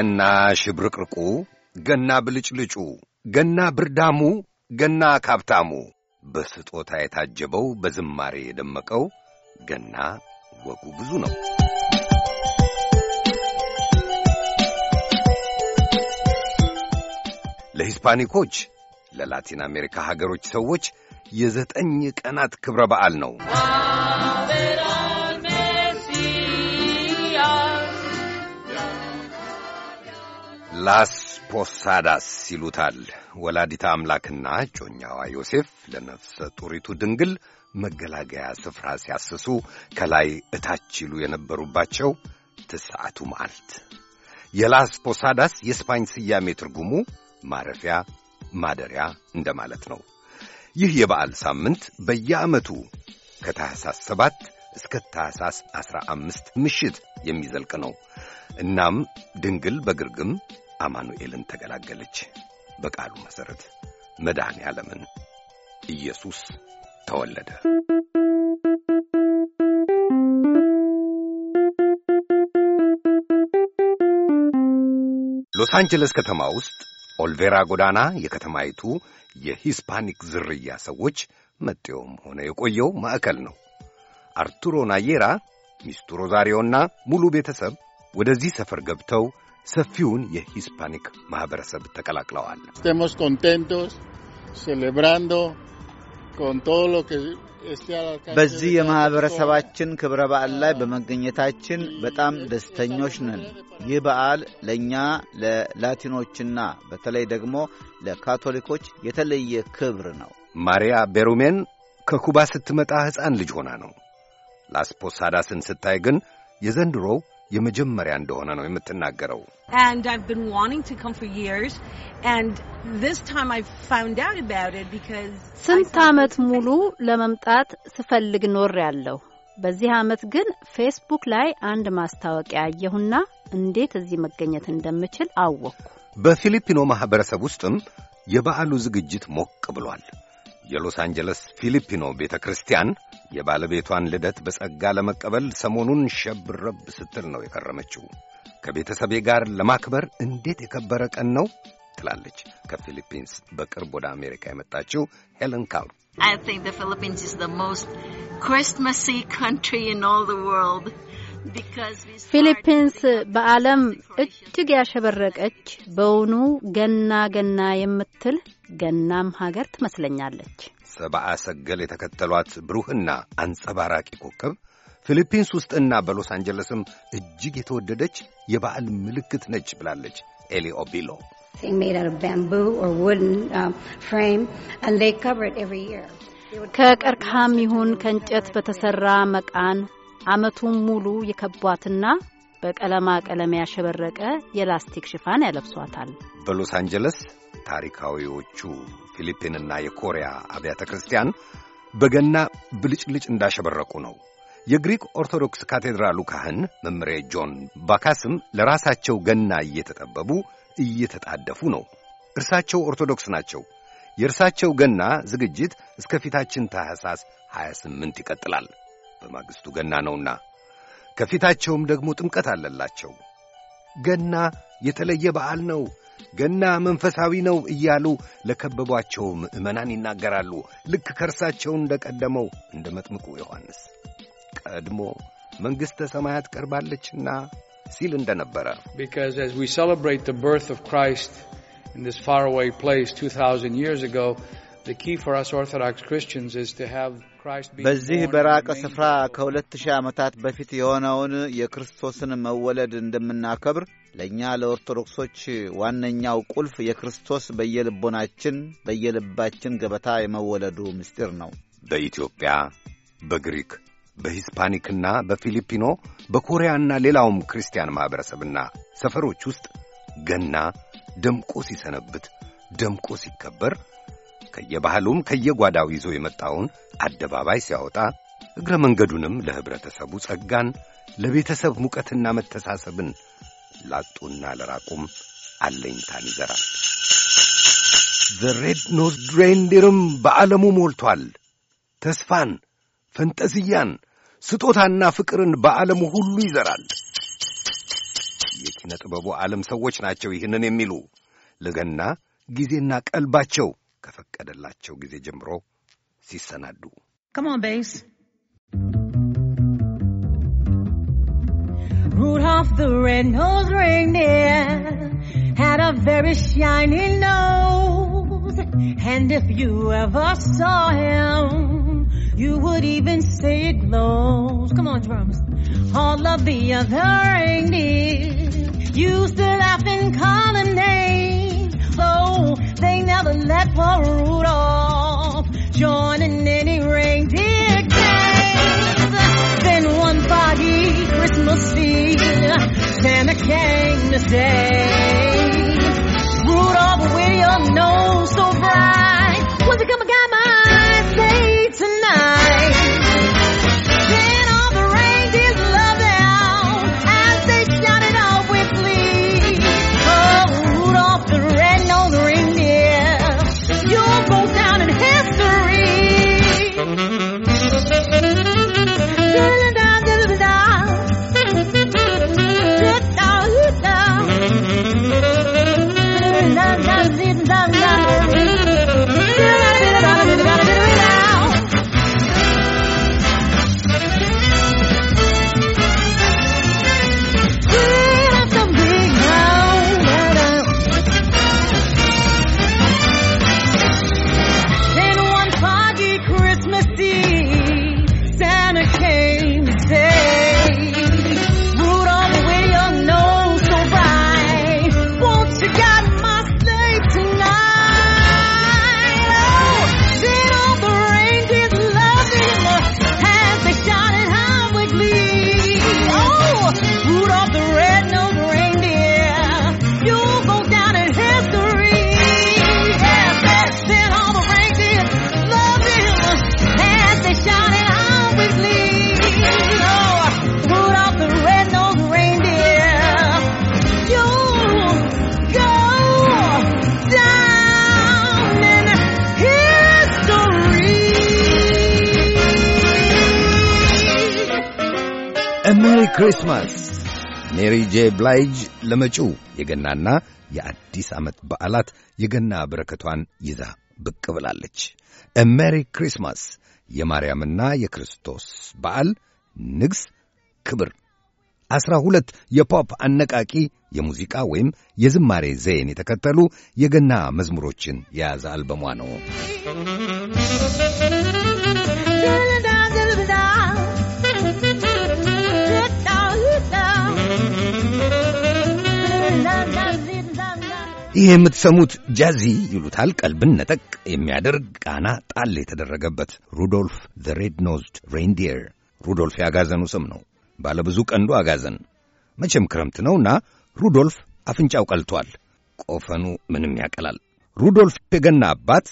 ገና ሽብርቅርቁ፣ ገና ብልጭልጩ፣ ገና ብርዳሙ፣ ገና ካብታሙ፣ በስጦታ የታጀበው በዝማሬ የደመቀው ገና ወጉ ብዙ ነው። ለሂስፓኒኮች ለላቲን አሜሪካ ሀገሮች ሰዎች የዘጠኝ ቀናት ክብረ በዓል ነው። ላስ ፖሳዳስ ይሉታል። ወላዲታ አምላክና ጮኛዋ ዮሴፍ ለነፍሰ ጡሪቱ ድንግል መገላገያ ስፍራ ሲያስሱ ከላይ እታች ይሉ የነበሩባቸው ትስዓቱ መዓልት። የላስ ፖሳዳስ የስፓኝ ስያሜ ትርጉሙ ማረፊያ፣ ማደሪያ እንደማለት ነው። ይህ የበዓል ሳምንት በየዓመቱ ከታሕሳስ ሰባት እስከ ታሕሳስ ዐሥራ አምስት ምሽት የሚዘልቅ ነው። እናም ድንግል በግርግም አማኑኤልን ተገላገለች። በቃሉ መሠረት መድኃኔ ዓለምን ኢየሱስ ተወለደ። ሎስ አንጀለስ ከተማ ውስጥ ኦልቬራ ጎዳና የከተማይቱ የሂስፓኒክ ዝርያ ሰዎች መጤውም ሆነ የቆየው ማዕከል ነው። አርቱሮ ናየራ፣ ሚስቱ ሮዛሪዮና ሙሉ ቤተሰብ ወደዚህ ሰፈር ገብተው ሰፊውን የሂስፓኒክ ማኅበረሰብ ተቀላቅለዋል። ስቴሞስ ኮንቴንቶስ ሴሌብራንዶ ኮንቶሎ በዚህ የማኅበረሰባችን ክብረ በዓል ላይ በመገኘታችን በጣም ደስተኞች ነን። ይህ በዓል ለእኛ ለላቲኖችና በተለይ ደግሞ ለካቶሊኮች የተለየ ክብር ነው። ማሪያ ቤሩሜን ከኩባ ስትመጣ ሕፃን ልጅ ሆና ነው። ላስፖሳዳስን ስታይ ግን የዘንድሮው የመጀመሪያ እንደሆነ ነው የምትናገረው። ስንት ዓመት ሙሉ ለመምጣት ስፈልግ ኖር ያለሁ። በዚህ ዓመት ግን ፌስቡክ ላይ አንድ ማስታወቂያ አየሁና እንዴት እዚህ መገኘት እንደምችል አወቅኩ። በፊሊፒኖ ማኅበረሰብ ውስጥም የበዓሉ ዝግጅት ሞቅ ብሏል። የሎስ አንጀለስ ፊሊፒኖ ቤተ ክርስቲያን የባለቤቷን ልደት በጸጋ ለመቀበል ሰሞኑን ሸብረብ ስትል ነው የከረመችው። ከቤተሰቤ ጋር ለማክበር እንዴት የከበረ ቀን ነው ትላለች ከፊሊፒንስ በቅርብ ወደ አሜሪካ የመጣችው ሄለን ካል። I think the Philippines is the most Christmassy country in all the world. ፊሊፒንስ በዓለም እጅግ ያሸበረቀች በውኑ ገና ገና የምትል ገናም ሀገር ትመስለኛለች። ሰብአ ሰገል የተከተሏት ብሩህና አንጸባራቂ ኮከብ ፊሊፒንስ ውስጥና በሎስ አንጀለስም እጅግ የተወደደች የበዓል ምልክት ነች ብላለች ኤሊ ኦቢሎ። um, ከቀርከሃም ይሁን ከእንጨት በተሠራ መቃን ዓመቱን ሙሉ የከቧትና በቀለማ ቀለም ያሸበረቀ የላስቲክ ሽፋን ያለብሷታል። በሎስ አንጀለስ ታሪካዊዎቹ ፊሊፒንና የኮሪያ አብያተ ክርስቲያን በገና ብልጭልጭ እንዳሸበረቁ ነው። የግሪክ ኦርቶዶክስ ካቴድራሉ ካህን መምሬ ጆን ባካስም ለራሳቸው ገና እየተጠበቡ እየተጣደፉ ነው። እርሳቸው ኦርቶዶክስ ናቸው። የእርሳቸው ገና ዝግጅት እስከ ፊታችን ታህሳስ 28 ይቀጥላል። በማግስቱ ገና ነውና ከፊታቸውም ደግሞ ጥምቀት አለላቸው። ገና የተለየ በዓል ነው፣ ገና መንፈሳዊ ነው እያሉ ለከበቧቸው ምዕመናን ይናገራሉ። ልክ ከእርሳቸው እንደ ቀደመው እንደ መጥምቁ ዮሐንስ ቀድሞ መንግሥተ ሰማያት ቀርባለችና ሲል እንደ ነበረ በዚህ በራቀ ስፍራ ከሁለት ሺህ ዓመታት በፊት የሆነውን የክርስቶስን መወለድ እንደምናከብር ለእኛ ለኦርቶዶክሶች ዋነኛው ቁልፍ የክርስቶስ በየልቦናችን በየልባችን ገበታ የመወለዱ ምስጢር ነው። በኢትዮጵያ፣ በግሪክ፣ በሂስፓኒክና በፊሊፒኖ በኮሪያና ሌላውም ክርስቲያን ማኅበረሰብና ሰፈሮች ውስጥ ገና ደምቆ ሲሰነብት ደምቆ ሲከበር ከየባህሉም ከየጓዳው ይዞ የመጣውን አደባባይ ሲያወጣ እግረ መንገዱንም ለኅብረተሰቡ ጸጋን፣ ለቤተሰብ ሙቀትና መተሳሰብን፣ ላጡና ለራቁም አለኝታን ይዘራል። ዘሬድ ኖዝድ ሬንዲርም በዓለሙ ሞልቷል። ተስፋን፣ ፈንጠዝያን፣ ስጦታና ፍቅርን በዓለሙ ሁሉ ይዘራል። የኪነ ጥበቡ ዓለም ሰዎች ናቸው ይህንን የሚሉ ለገና ጊዜና ቀልባቸው ከፈቀደላቸው ጊዜ ጀምሮ ሲሰናዱ Rudolph the red-nosed reindeer had a very shiny nose, and if you ever saw him, you would even say it glows. Come on, drums. All of the other reindeer used to laugh and call him names they never let poor Rudolph join in any reindeer games. Then one foggy Christmas Eve, Santa came to say, Rudolph, with your nose so bright. ክሪስማስ ሜሪ ጄ ብላይጅ ለመጪው የገናና የአዲስ ዓመት በዓላት የገና በረከቷን ይዛ ብቅ ብላለች። ሜሪ ክሪስማስ የማርያምና የክርስቶስ በዓል ንግሥ ክብር ዐሥራ ሁለት የፖፕ አነቃቂ የሙዚቃ ወይም የዝማሬ ዘይን የተከተሉ የገና መዝሙሮችን የያዘ አልበሟ ነው። ይህ የምትሰሙት ጃዚ ይሉታል። ቀልብን ነጠቅ የሚያደርግ ቃና ጣል የተደረገበት ሩዶልፍ ዘ ሬድ ኖዝድ ሬንዲየር። ሩዶልፍ ያጋዘኑ ስም ነው። ባለብዙ ቀንዱ አጋዘን። መቼም ክረምት ነውና ሩዶልፍ አፍንጫው ቀልቷል። ቆፈኑ ምንም ያቀላል። ሩዶልፍ የገና አባት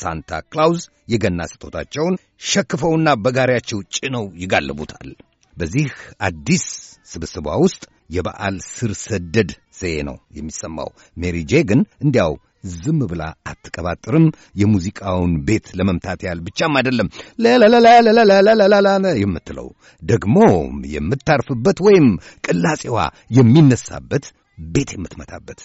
ሳንታ ክላውዝ የገና ስጦታቸውን ሸክፈውና በጋሪያቸው ጭነው ይጋልቡታል። በዚህ አዲስ ስብስቧ ውስጥ የበዓል ስር ሰደድ ዜዬ ነው የሚሰማው። ሜሪ ጄ ግን እንዲያው ዝም ብላ አትቀባጥርም። የሙዚቃውን ቤት ለመምታት ያህል ብቻም አይደለም ለለለለለለለላ የምትለው ደግሞም የምታርፍበት ወይም ቅላጼዋ የሚነሳበት ቤት የምትመታበት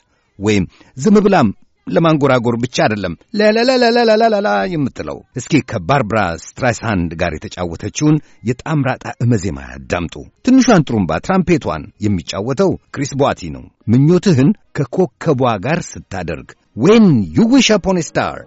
ወይም ዝም ብላም ለማንጎራጎር ብቻ አይደለም ለለለለለለላ የምትለው። እስኪ ከባርብራ ስትራይስሃንድ ጋር የተጫወተችውን የጣምራጣ እመዜማ ያዳምጡ። ትንሿን ጥሩምባ ትራምፔቷን የሚጫወተው ክሪስ ቧቲ ነው። ምኞትህን ከኮከቧ ጋር ስታደርግ ዌን ዩ ዊሽ አፖን ስታር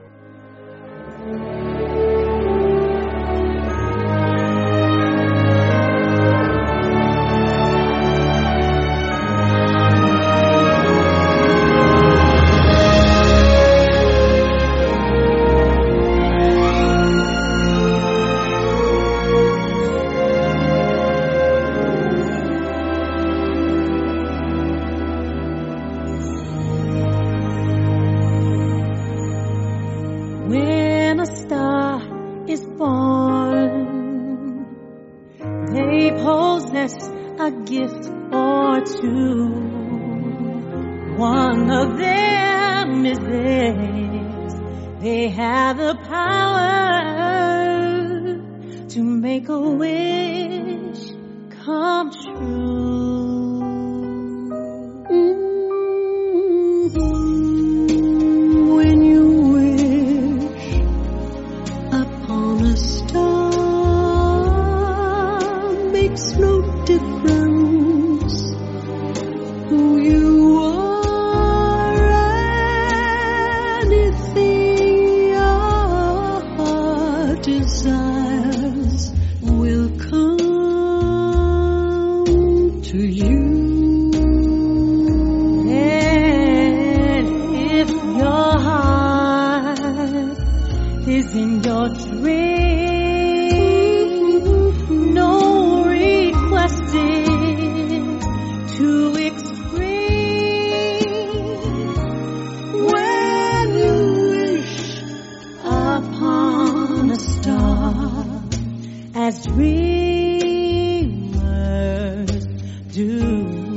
嗯。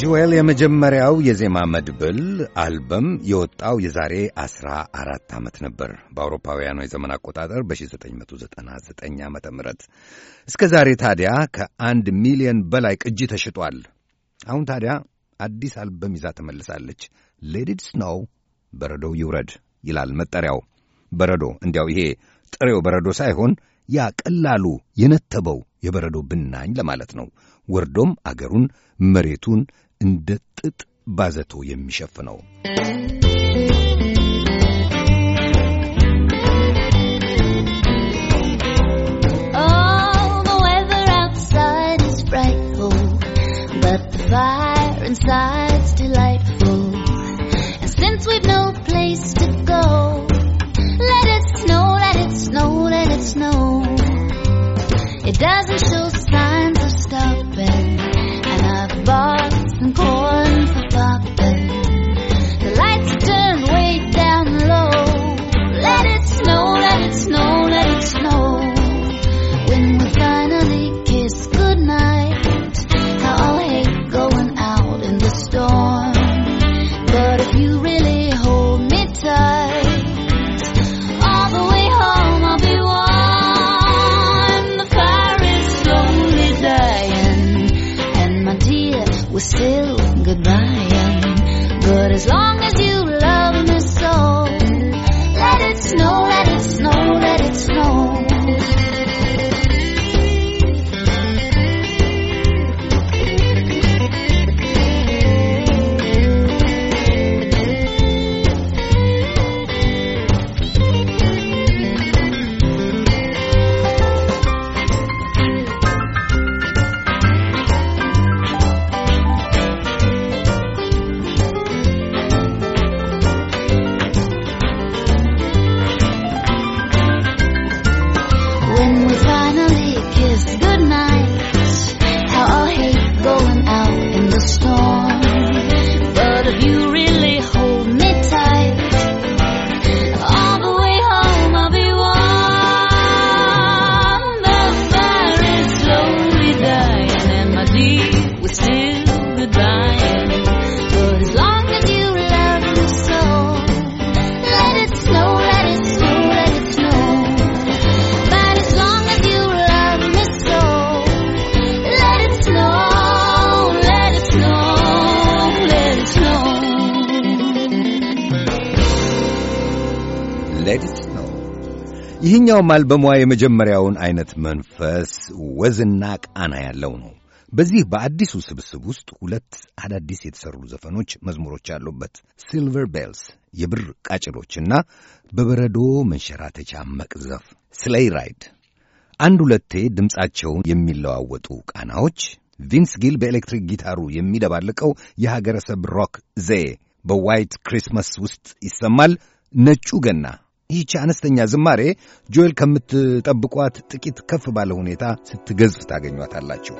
ጆኤል የመጀመሪያው የዜማ መድብል አልበም የወጣው የዛሬ 14 ዓመት ነበር በአውሮፓውያኑ የዘመን አቆጣጠር በ1999 ዓ ም እስከ ዛሬ ታዲያ ከአንድ ሚሊዮን በላይ ቅጂ ተሽጧል። አሁን ታዲያ አዲስ አልበም ይዛ ተመልሳለች። ሌዲድ ስኖው በረዶው ይውረድ ይላል መጠሪያው። በረዶ እንዲያው ይሄ ጥሬው በረዶ ሳይሆን ያ ቀላሉ የነተበው የበረዶ ብናኝ ለማለት ነው። ወርዶም አገሩን መሬቱን the እንደ frightful, but the fire inside's delightful. And since we've no place to go, let it snow, let it snow, let it snow. It doesn't show. ሌላውም አልበሟ የመጀመሪያውን አይነት መንፈስ ወዝና ቃና ያለው ነው። በዚህ በአዲሱ ስብስብ ውስጥ ሁለት አዳዲስ የተሠሩ ዘፈኖች፣ መዝሙሮች አሉበት። ሲልቨር ቤልስ የብር ቃጭሎችና በበረዶ መንሸራተቻ መቅዘፍ ስሌይ ራይድ አንድ ሁለቴ ድምፃቸውን የሚለዋወጡ ቃናዎች ቪንስ ጊል በኤሌክትሪክ ጊታሩ የሚደባልቀው የሀገረሰብ ሮክ ዘዬ በዋይት ክሪስማስ ውስጥ ይሰማል። ነጩ ገና ይቺ አነስተኛ ዝማሬ ጆኤል ከምትጠብቋት ጥቂት ከፍ ባለ ሁኔታ ስትገዝፍ ታገኟታላችሁ።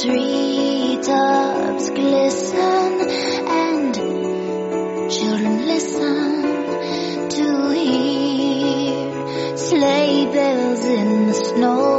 Treetops glisten and children listen to hear sleigh bells in the snow.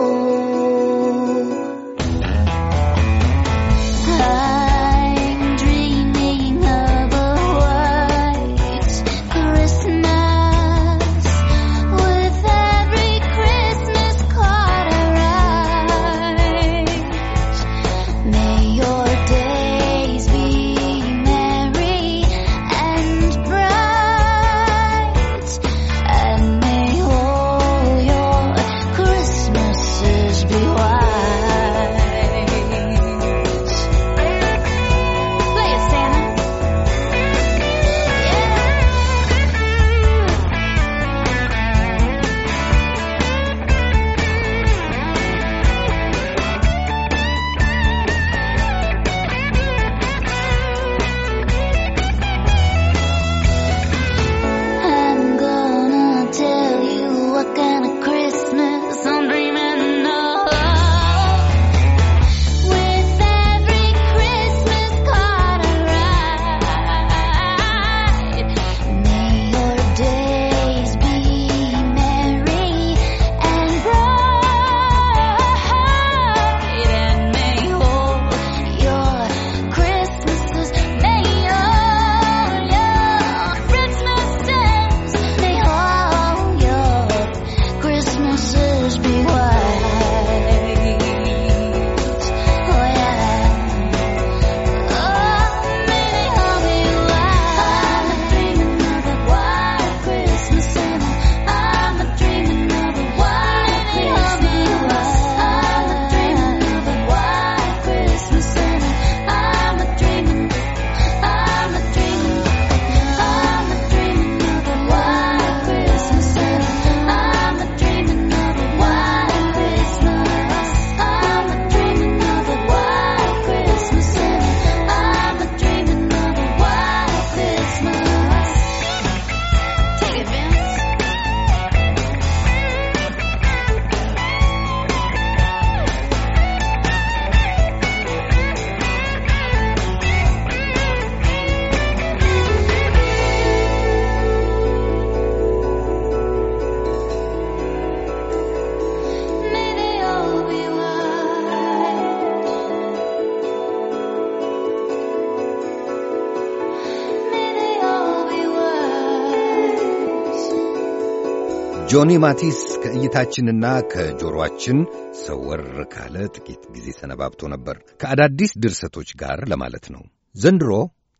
ጆኒ ማቲስ ከእይታችንና ከጆሮአችን ሰወር ካለ ጥቂት ጊዜ ሰነባብቶ ነበር፣ ከአዳዲስ ድርሰቶች ጋር ለማለት ነው። ዘንድሮ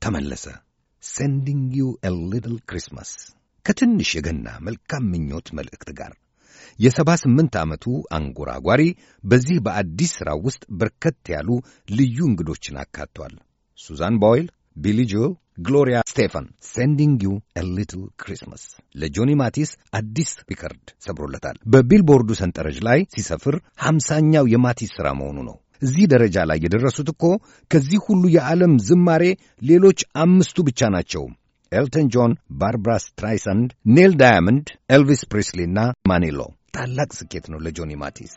ተመለሰ። ሴንዲንግ ዩ ኤ ሊትል ክሪስማስ ከትንሽ የገና መልካም ምኞት መልእክት ጋር የሰባ ስምንት ዓመቱ አንጎራጓሪ በዚህ በአዲስ ሥራ ውስጥ በርከት ያሉ ልዩ እንግዶችን አካቷል። ሱዛን ቦይል፣ ቢሊ ጆል ግሎሪያ ስቴፈን ሴንዲንግ ዩ ሊትል ክሪስማስ ለጆኒ ማቲስ አዲስ ሪከርድ ሰብሮለታል። በቢልቦርዱ ሰንጠረዥ ላይ ሲሰፍር ሀምሳኛው የማቲስ ሥራ መሆኑ ነው። እዚህ ደረጃ ላይ የደረሱት እኮ ከዚህ ሁሉ የዓለም ዝማሬ ሌሎች አምስቱ ብቻ ናቸው። ኤልተን ጆን፣ ባርብራ ስትራይሰንድ፣ ኔል ዳያመንድ፣ ኤልቪስ ፕሪስሊ እና ማኒሎ። ታላቅ ስኬት ነው ለጆኒ ማቲስ።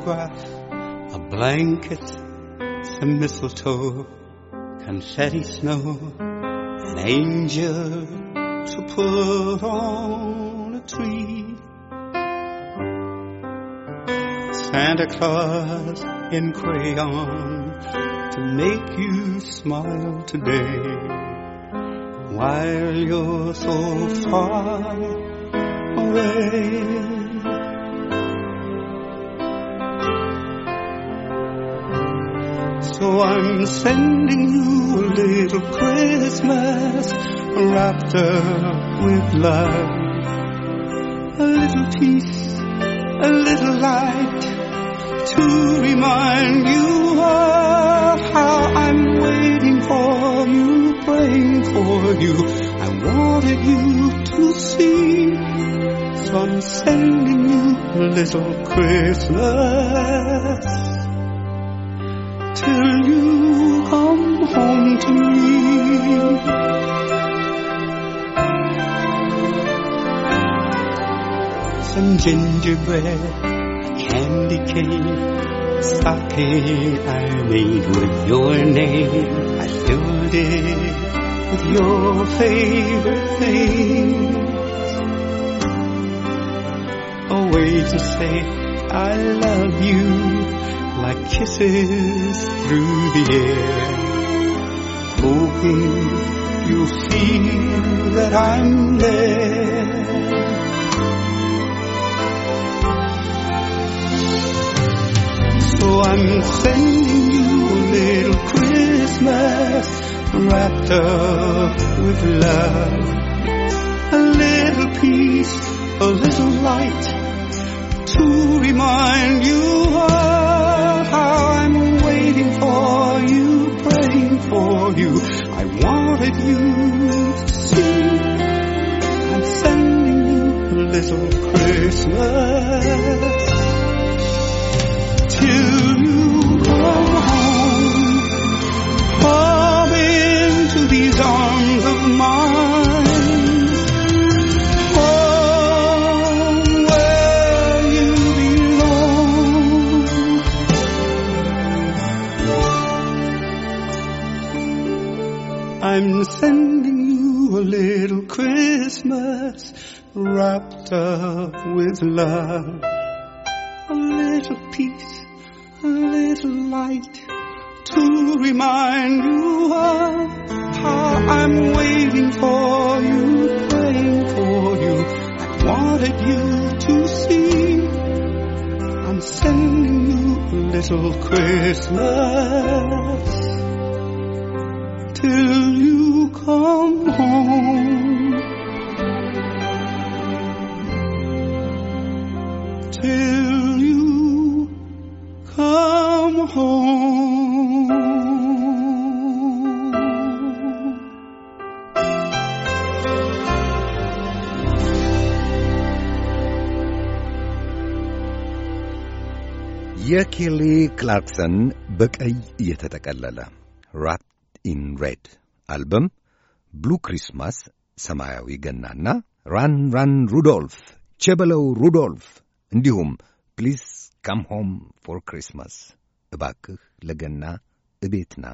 a blanket, some mistletoe, confetti snow, an angel to put on a tree. Santa Claus in crayon to make you smile today while you're so far away. So I'm sending you a little Christmas wrapped up with love. A little peace, a little light to remind you of how I'm waiting for you, praying for you. I wanted you to see. So I'm sending you a little Christmas. some gingerbread, candy cane, sake I made with your name. I filled it with your favorite things. A way to say I love you, like kisses through the air hoping you feel that I'm there. So I'm sending you a little Christmas wrapped up with love. A little peace, a little light to remind you of. if you see I'm sending you a little Christmas Christmas wrapped up with love. A little peace, a little light to remind you of how I'm waiting for you, praying for you. I wanted you to see. I'm sending you a little Christmas till you come home. till you come home. የኬሊ ክላርክሰን በቀይ የተጠቀለለ ራፕ ኢን ሬድ አልበም ብሉ ክሪስማስ ሰማያዊ ገናና ራን ራን ሩዶልፍ ቸበለው ሩዶልፍ እንዲሁም ፕሊዝ ካም ሆም ፎር ክሪስማስ እባክህ ለገና እቤትና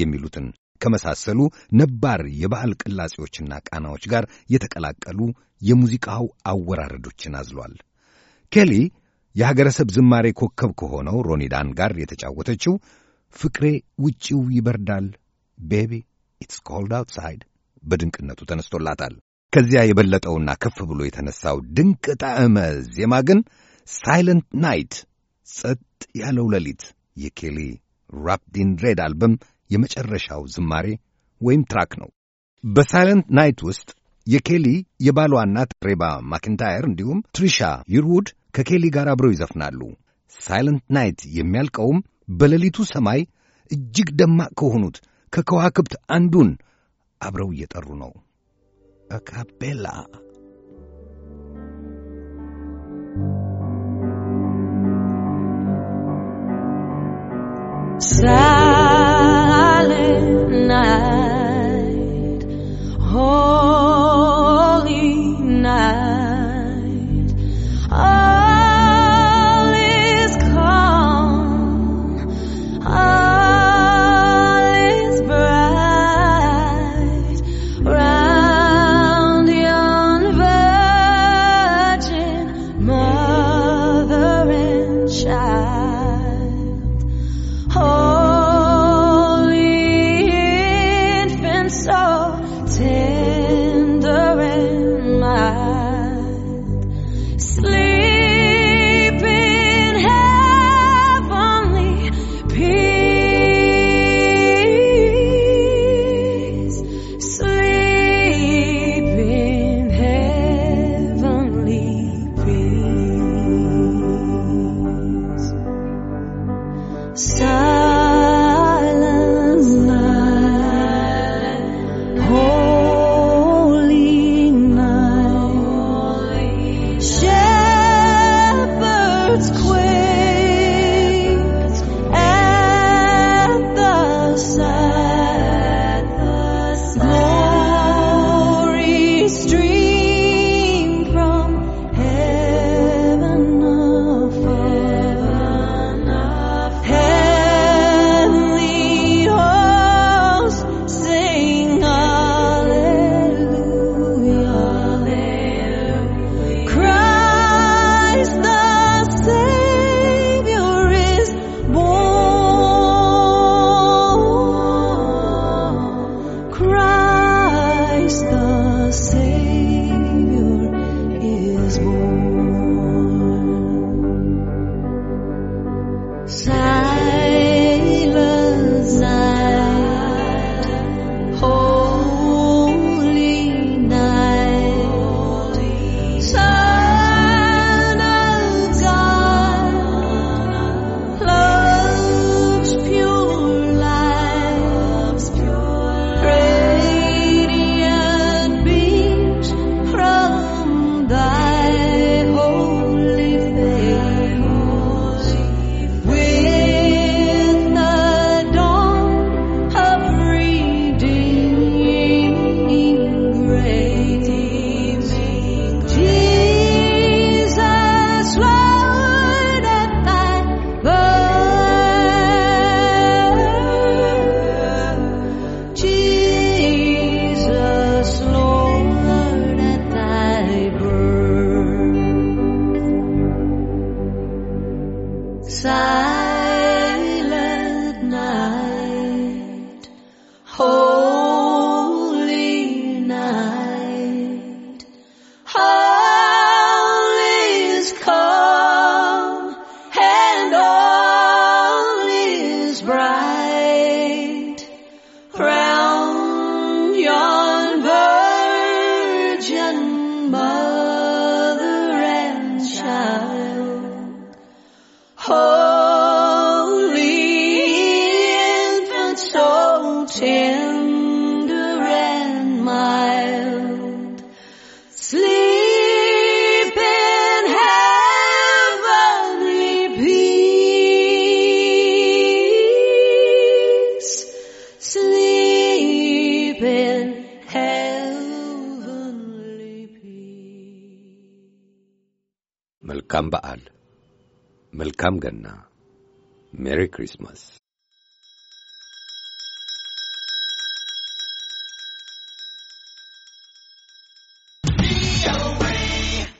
የሚሉትን ከመሳሰሉ ነባር የበዓል ቅላጼዎችና ቃናዎች ጋር የተቀላቀሉ የሙዚቃው አወራረዶችን አዝሏል። ኬሊ የሀገረሰብ ዝማሬ ኮከብ ከሆነው ሮኒዳን ጋር የተጫወተችው ፍቅሬ ውጪው ይበርዳል ቤቢ ኢትስ ኮልድ አውትሳይድ በድንቅነቱ ተነስቶላታል። ከዚያ የበለጠውና ከፍ ብሎ የተነሳው ድንቅ ጣዕመ ዜማ ግን ሳይለንት ናይት ጸጥ ያለው ሌሊት የኬሊ ራፕዲን ሬድ አልበም የመጨረሻው ዝማሬ ወይም ትራክ ነው። በሳይለንት ናይት ውስጥ የኬሊ የባሏ እናት ሬባ ማኪንታየር እንዲሁም ትሪሻ ይርውድ ከኬሊ ጋር አብረው ይዘፍናሉ። ሳይለንት ናይት የሚያልቀውም በሌሊቱ ሰማይ እጅግ ደማቅ ከሆኑት ከከዋክብት አንዱን አብረው እየጠሩ ነው። a cappella. Silent night. መልካም ገና ሜሪ ክሪስማስ